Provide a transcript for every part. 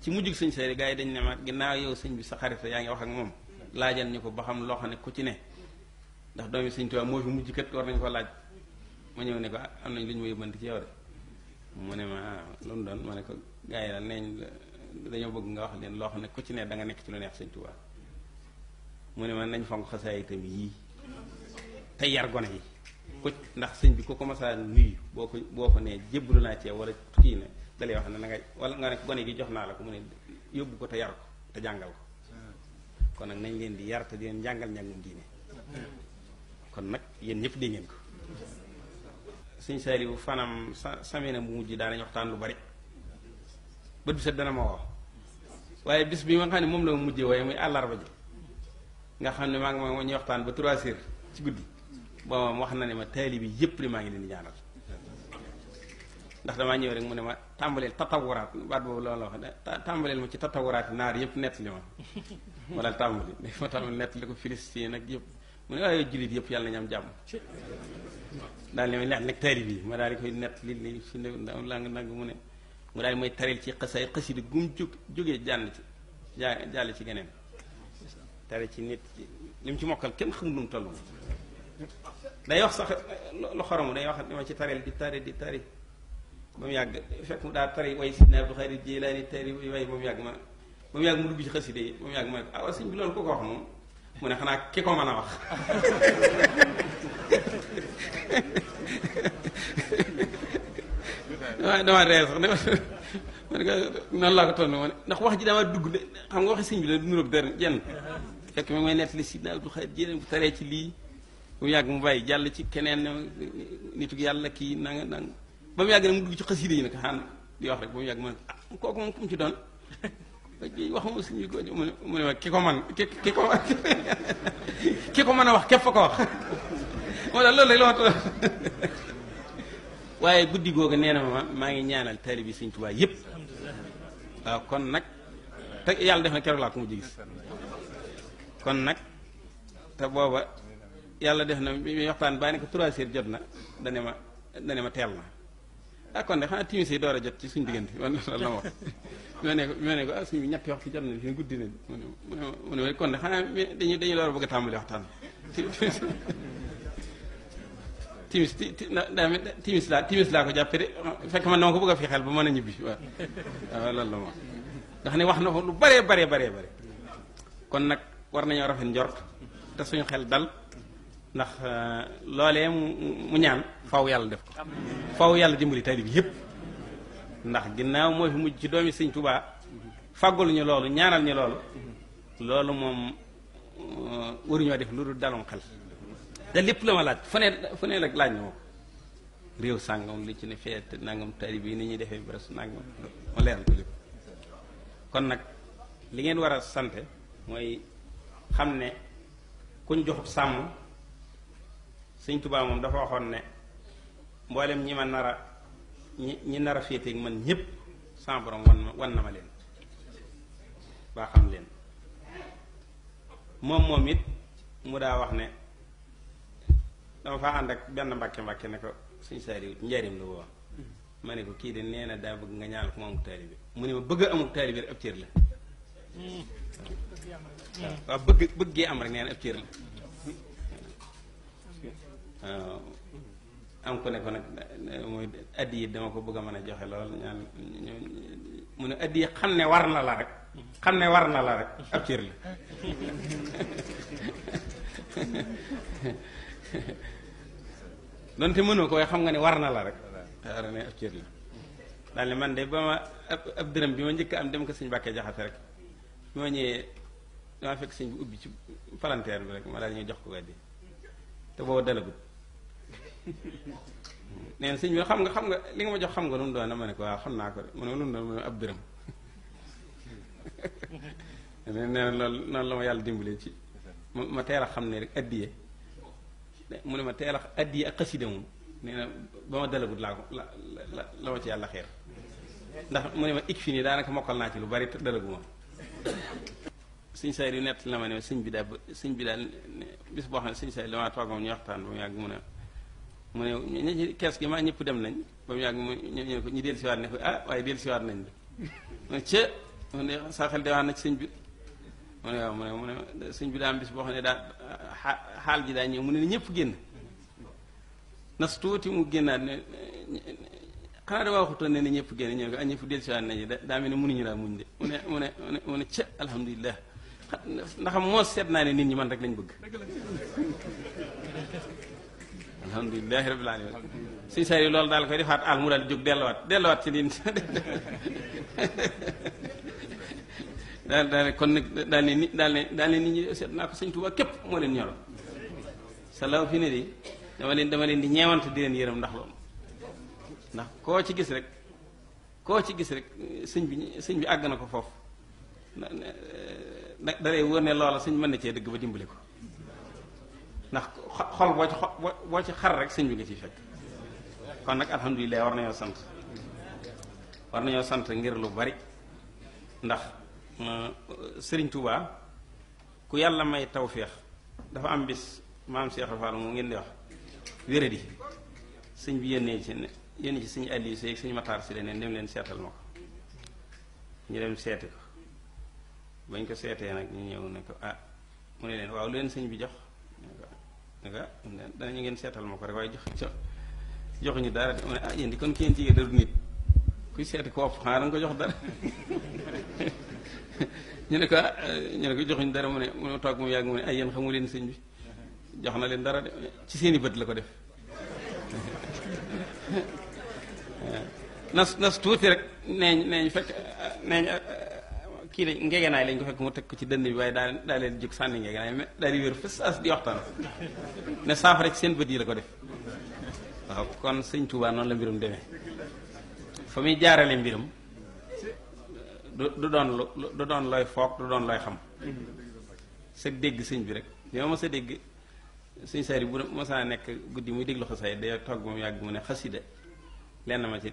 ci mujjug sëñ Saliou gars yi dañ ne ma ginnaaw yow sëñ bi sa xarit yaa ngi wax ak moom laajal ñu ko ba xam loo xam ne ku ci ne ndax doomi sëñ moo mujj kat war nañ ko laaj ma ñëw ne ko ah, am nañ lu ñu ma yëbbanti ci yow ne ma ah, lu doon ma ne ko gars yi la neeñ dañoo bëgg nga wax leen loo xam ne ku da nga nekk ci lu neex sëñ Tuubaa mu ne ma nañ fonk xasaay itam yii tey yar gone yi ko ndax sëñ bi ko commencé nuyu boo ko boo ko nee jébbalu naa cee wala kii nag dalay wax na nga wala nga ne gone gi jox naa la ko mu ne yóbbu ko te yar ko te jàngal ko kon nag nañ leen di yar te leen jàngal njàngum diine kon nag yéen ñëpp dégg ngeen ko sëñ Saliou fanam sa samina bu mujj daanañ waxtaan lu bari bët bi set dana ma woo waaye bis bi ma nga xam ne moom la ma mujjee waaye muy àllarba ji nga xam ne maa ngi ma ñuy waxtaan ba trois heures ci guddi boobam wax na ne ma taalibi yëpp li maa ngi leen di ñaanal ndax damaa ñëwee rek mu ne ma tàmbaleel tatawuraat baat boobu la wax tàmbaleel ma ci tatawuraat naar yëpp nettali ma ma daal tàmbali ma tàmbali nettali ko Filistin nag yëpp mu ne waaye yëpp yàlla nañu jàmm daal li may leex nag taalibi ma li si ne nag mu ne mu daal mooy taril ci xasay xasidi gum jóg jógee jànn ci jàll ci geneen tari ci nit li mu ci mokkal kenn xamul nu mu toll day wax sax lu xoromu day wax li ma ci tareel di tari di tari ba mu yàgg fekk mu daal tari way sidna Abdou Xayri Jilaani tari way ba mu yàgg ma ba mu yàgg mu dugg ci xaside yi ba mu yàgg ma ne ko ah sëñ bi loolu ku ko wax moom mu ne xanaa ki ko mën a wax dama dama ree sax dama man ka noonu laa ko tontu ma ne ndax wax ji dama dugg de xam nga waxi sëñ bi la nuróog der jenn fekk mi may nettali sidna Abdou Xayri Jilaani bu taree ci lii ba yàgg mu bàyyi jàll ci keneen nit nitu yàlla kii nanga nanga ba mu yàgg nag mu dugg ci xasida yi nag xaan di wax rek ba mu yàgg ma ne ah, ku mu ci doon ko mu ki ko man ki ki ko ki ko mën a wax képp fa ko wax moo tax loolu rek la waaye guddi googu nee na ma maa ngi ñaanal taalibe bi Sëñ Tuubaa yëpp kon nag te yàlla def na keroog laa ko mujj gis kon nag te booba yàlla def na bi waxtaan baa ne ko trois heures jot na dane ma dane ma teel na ah kon de xanaa timis yi door a jot ci suñu diggante man loolu la ma wax ma ne ko ma ne ko ah suñu ñetti waxtu jot na fii guddi na mu kon de dañu dañu door a bëgg a tàmbali waxtaan timis timis laa timis laa ko jàppe de fekk man dama ko bëgg a fi xel ba mën a ñibbi waaw waaw loolu la ma nga xam ne wax na ko lu baree baree baree bare kon nag war nañoo rafet njort te suñu xel dal ndax euh, loolee mu ñaan faw yàlla def ko faw yàlla dimbali taalib yëpp ndax ginnaaw moo fi mujj ci doomi sëñ Tuubaa fàggul ñu loolu ñaanal ñu loolu loolu moom euh, waruñoo def lu dul dalum xel te lépp la ma laaj fu ne fu ne rek laaj na ma réew sàngam li ci ne feet nangam taalib yi ni ñuy defee bres nangam ma leeral ko lépp kon nag li ngeen war a sante mooy xam ne kuñ joxub sàmm sëñ tubaa moom dafa waxoon ne mboolem ñi ma nara ñi nara nar man ñépp sama borom wan na ma leen baa xam leen moom moom it mu daa wax ne dama faa ànd ak benn mbàkke mbàkke ne ko sëñ Saaliw njariñ la woon ma ne ko kii de nee na daa bëgg nga ñaanal ko mu amuk taalibe mu ne ma bëgg a amuk taalibe ab cër la mm. waaw bëgg bëggee am rek nee ab cër la Euh, am ku ne ko nag mooy addi yi dama ko bëgg a mën a joxe lool ñaan mu ne addi yi xam ne war na la rek xam ne war na la rek ab cër la donte mënoo ko xam nga ne war na la rek war la daal man de ba ma ab ab dërëm bi ma njëkk am dem ko sëñ Bàkke Jaxate rek bi ma ñëwee dama fekk sëñ bi ubbi ci palanteer bi rek ma daal ñu jox ko addi te boobu dalagut neen sëñ bi xam nga xam nga li nga ma jox xam nga lu mu doon ma ne ko waaw xam naa ko de mu ne lu ab dërëm nee na loolu noonu la ma yàlla dimbalee ma teel a xam ne rek addiye mu ne ma teel a addiye ak xasida moom ne na ba ma dalagut laa ko la la ma ci yàlla xeer ndax mu ne ma ik fi nii daanaka mokkal naa ci lu bari te dalaguma sëñ sayr yu nett la ma ne sëñ bi daal sëñ bi daal bis boo xam ne sëñ sayr damaa toog moom ñu waxtaan ba mu yàgg mu ne mu ne ña ci kees gi maa ñëpp dem nañ ba mu yàgg mu ñu ko ñu dellusiwaat ne ko ah waaye dellusiwaat nañ la ca mu ne sa xel dewaat na ci sëñ bi mu ne bi daa am boo xam ne daa xaal ji daa ñëw mu ne ni ñëpp génn nas tuuti mu génnaat ne xanaa da waxutoon ne ne ñëpp génn ñëw ko ah ñëpp dellusiwaat nañ daa mel ni mënuñu laa muñ de mu ne mu ne mu ne mu ne ca alhamdulilah ndax moo seet naa ne nit ñi man rek lañ bëgg alhamdulillah rabbil alamin si sey lol dal koy defat al mu daal jóg delluwaat delluwaat ci diin dal dal kon nak dal ni dal ni dal ni ne nit ñi seet naa ko sëñ Tuubaa képp moo ñoro salaw fi ne di dama len dama len di ñewant di len yeeram ndax lool ndax ko ci gis rek ko ci gis rek seigne bi seigne bi ag na ko foofu da lay wone lool seigne man mën na cee dëgg ba dimbali ko ndax xol boo ci boo ci xar rek sëñ bi nga ciy fekk kon nag alhamdulilah war nañoo sant war nañoo sant ngir lu bari ndax uh, sëriñ Tuubaa ku yàlla may tawféex dafa am bis maam Cheikh Fall mu ngeen di wax wéradi sëñ bi yónnee ci ne yónnee ci sëñ Aliou Seye ak sëñ Matar si leneen dem leen seetal ma ko ñu dem seeti ko bañ ko seetee nag ñu ñëw ne ko ah mu ne leen waaw lu leen sëñ bi jox nga dañu ngeen seetal ma ko rek waaye jox joxuñu dara de ma ne ah yéen di kon kenn jigéen kuy seeti ko ëpp xanaa ko jox dara ñu ne ko ah, ñu ne ko joxuñu dara mu ne mu toog mu yàgg mu ne ay ah, yéen xamu leen sëñ bi jox na leen dara de ci seeni bët la ko def nas nas tuuti rek neeñ neeñ fekk neeñ kii lañ ngegenaay lañ ko fekk mu teg ko ci dënd bi waaye daa daa leen jóg sànni ngegenaay mais daal di wér fës as di waxtaan ne saafara ci seen bët yi la ko def waaw kon sëñ Touba noonu la mbirum demee fa muy jaarale mbirum du doon lu du doon looy foog du doon looy xam sa dégg sëñ bi rek mais ma sa dégg sëñ Saari bu ma saa nekk guddi muy déglu xasaay day togg moom yàgg mu ne xasida lenn ma ci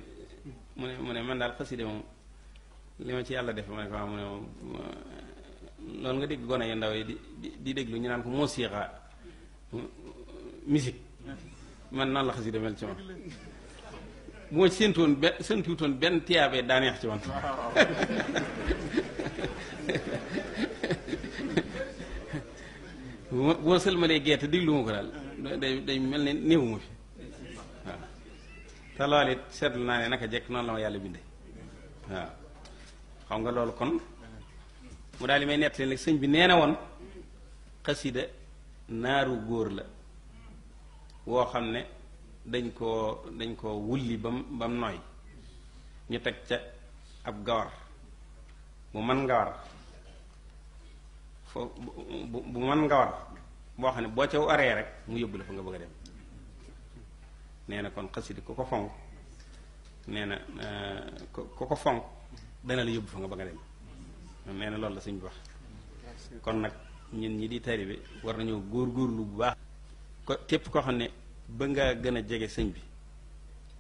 mu ne mu ne man daal xasida li ma ci yàlla def ma ne ko ah ne moom loolu nga dégg gone yu ndaw yi di di déglu ñu naan ko musiqa musique man nan la xasida mel benn tiyaabee daa ci man bu ma ma sëlmalee gerte diglu ma ko daal day day mel ne néew ma fi waaw seetlu naa ne naka jekk noonu la ma yàlla bindee waaw xam nga loolu kon mu daal di may nettali nag sëñ bi nee na woon xasida naaru góor la woo xam ne dañ koo dañ koo wulli bam bam nooy ñu teg ca ab gawar bu man ngawar fo bu boo xam ne boo ca waree rek mu yóbbu la fa nga bëgg a dem nee na kon xasida ku ko fonk nee na eh, ku ko fonk dana la yóbbu fa nga ba nga dem nee na loolu la sëñ bi kon nag ñun ñi di taalibe war góor góorgóorlu bu baax ko képp koo xam ne ba nga gën a jege sëñ bi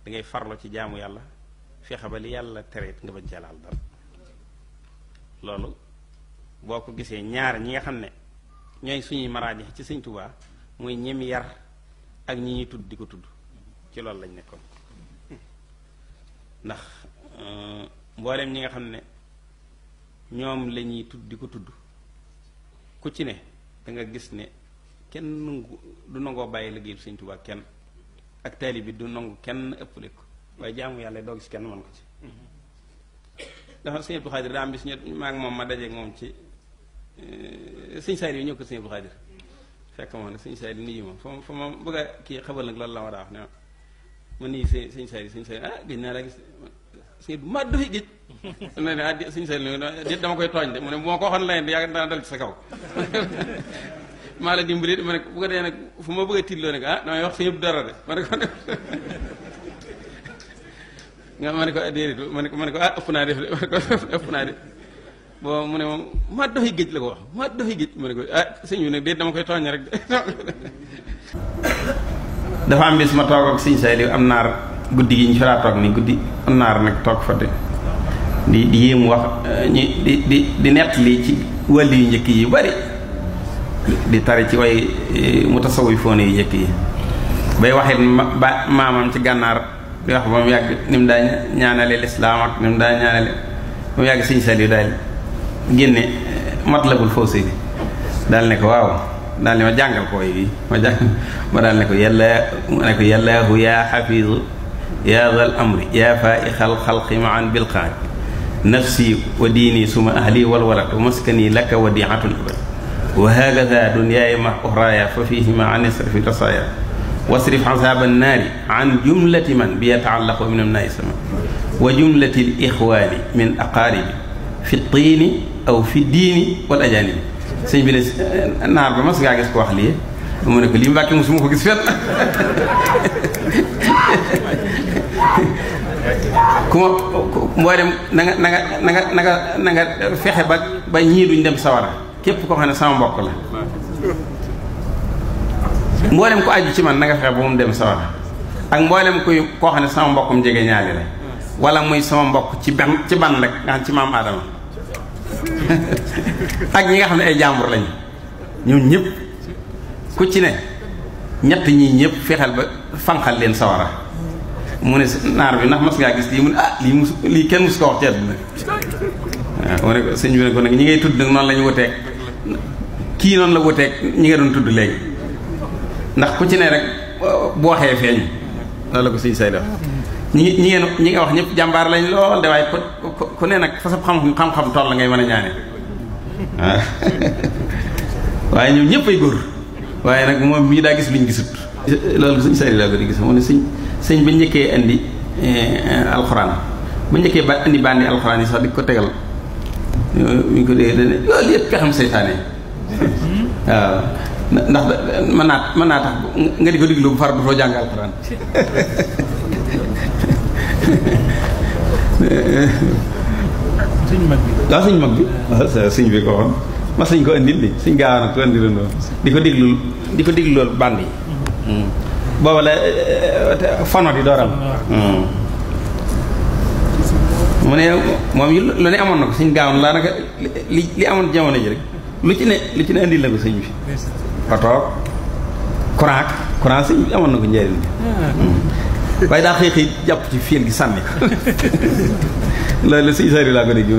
da ngay farlo ci jaamu yàlla fexe ba li yàlla tereet nga bañ cee laal loolu boo ko gisee ñaar ñi nga xam ne ñooy suñuy maraaje ci sëñ Tuubaa mooy ñem yar ak ñi ñuy tudd di ko tudd ci loolu lañ nekkoon ndax mboolem ñi nga xam ne ñoom la ñuy tudd di ko tudd ku ci ne da gis ne kenn nangu du nangoo bàyyi liggéeyub Sëñ Tuubaa kenn ak taali bi du nangu kenn ëppale ko waaye jaamu yàlla doo gis kenn mën ko ci dafa sëñ Abdou Xaadir daa am bis ñu maa ngi moom ma dajeeg moom ci euh, sëñ Saaliw yi ñëw ko sëñ Abdou Xaadir fekk moom ne sëñ Saaliw nuyu ma fa fa ma bëgg a kii xabal nag loolu la war a wax ne ma nuyu sëñ Saaliw sëñ Saaliw ah gis naa la gis sëñ bu maat dafay géej ne ne ah suñ seen dama koy tooñ de mu ne moo dal ci sa la dimbali ma ne bu ko dee fu ma bëgg a tiitloo ne ah wax sëñ bu dara de ma ne ko nga ma ah, ma ne ko ma ah, naa def de ma ne ko ëpp naa def mu ne moom maat dafay géej la ko wax maat dafay géej ma ne ko ah sëñ bi nag déet dama koy tooñ rek de dafa am bis ma toog ak sëñ Saliou am naar guddi gi ñu faraa toog ni guddi naar nag toog fa de di di yéem wax ñu di di di eh, nett li ci wàll yu njëkk yi bari di tari ci way eh, mu tasawuy foone yu njëkk yi bay waxit maamam ci gànnaar di wax ba mu yàgg ni mu daa ñaanale lislaam ak ni mu daa ñaanale mu yàgg sëñ Saliou daal génne eh, Matlabul Fawzayni daal ne ko waaw daal ne ma jàngal ko bi ma jàng ma daal ne ko yàlla ne ko yàllaahu yaa xafiisu يا ذا الأمر يا فائخ الخلق معا بالخالق نفسي وديني ثم أهلي والولد ومسكني لك وديعة الأبد وهكذا دنياي مع أخرايا ففيهما عن اصرف الرصايا واصرف عذاب النار عن جملة من بيتعلق من الناس وجملة الإخوان من أقاربي في الطين أو في الدين والأجانب سيدي بن النار ما ba mas ngaa gis ko wax lii ku ma boo dem na nga na nga na nga na nga na nga fexe ba ba ñii duñ dem sawara képp koo xam ne sama mbokk la mboolem ko aju ci man na nga fexe ba mu dem sawara ak mboolem kuy koo xam ne sama mbokkum jege ñaali la wala muy sama mbokk ci ban ci ban rek nga ci maam Adama ak ñi nga xam ne ay jàmbur lañu ñoom ñëpp ku ci ne ñett ñii ñëpp fexeel ba fanqal leen sawara mu ne naar bi ndax mas ngaa gis lii mu ne ah lii mus lii kenn mus ko wax ci àdduna waaw mu ko sëñ bi ne ko nag ñi ngay tudd nag noonu la ñu kii noonu la wuteeg ñi nga doon tudd léegi ndax ku ci ne rek boo waxee feeñ loolu la ko sëñ say def ñi ngeen ñi nga wax ñëpp jàmbaar lañ lool de waaye nag sa xam xam-xam la ngay mën a ñaane waaw ñoom ñëpp ay góor nag moom mii daa gis luñ gisut loolu sëñ say ko di gis mu ne sëñ ba njëkkee indi eh, alxuraan ba njëkkee ba indi bandi alxuraan yi sax di ko tegal ñu ko dee dana loolu yëpp pexam seytaane waaw ndax mën naa mën naa tax nga di ko diglu bu far du soo jàng alxuraan waaw suñ mag bi waaw bi ko waxoon ma ko indil di suñ gaaw nag ko indiloon di ko diglu di ko diglu loolu band yi mm-hmm. booba la fono di dooram mu ne moom yi lu amoon na ko suñ gaawoon laa naka li li amoon jamono ji rek lu ci ne lu ci ne indil la ko sëñ bi otoog courant courant sëñ bi amoon na ko njëriñ bi ah. waaye daa xëy jàpp ci fiil gi sànni ko loolu la sëñ laa ko dégg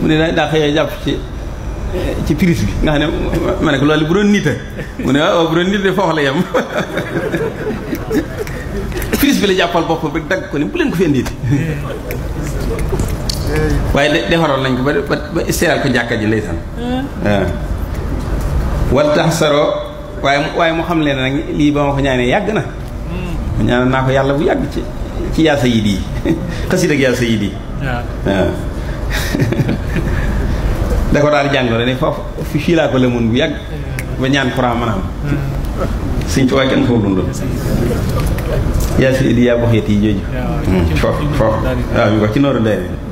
mu ne daa xëy xëy jàpp ci ci prise bi nga ne mané ko lolou bu doon nité mu ne wa bu doon nité fofu la yam prise bi la jappal bop rek dag ko ni bu len ko fi way defaron defaroon nañ ko ba ba ko jakka ji leysan tan wal tax way waaye mu xam len nak li ba mako ko yag na mu ñaan na ko yalla bu yag ci ci ya sayidi yi ya sayidi da ko daan jàngloo ne foofu fii laa ko lëmoon bu yàgg ba ñaan xuraan maanaam suñ tubaab kenn foofu dundul yaa si idi yaa boxeet yi jooju foofu foofu waaw ñu ko ci nooru ndey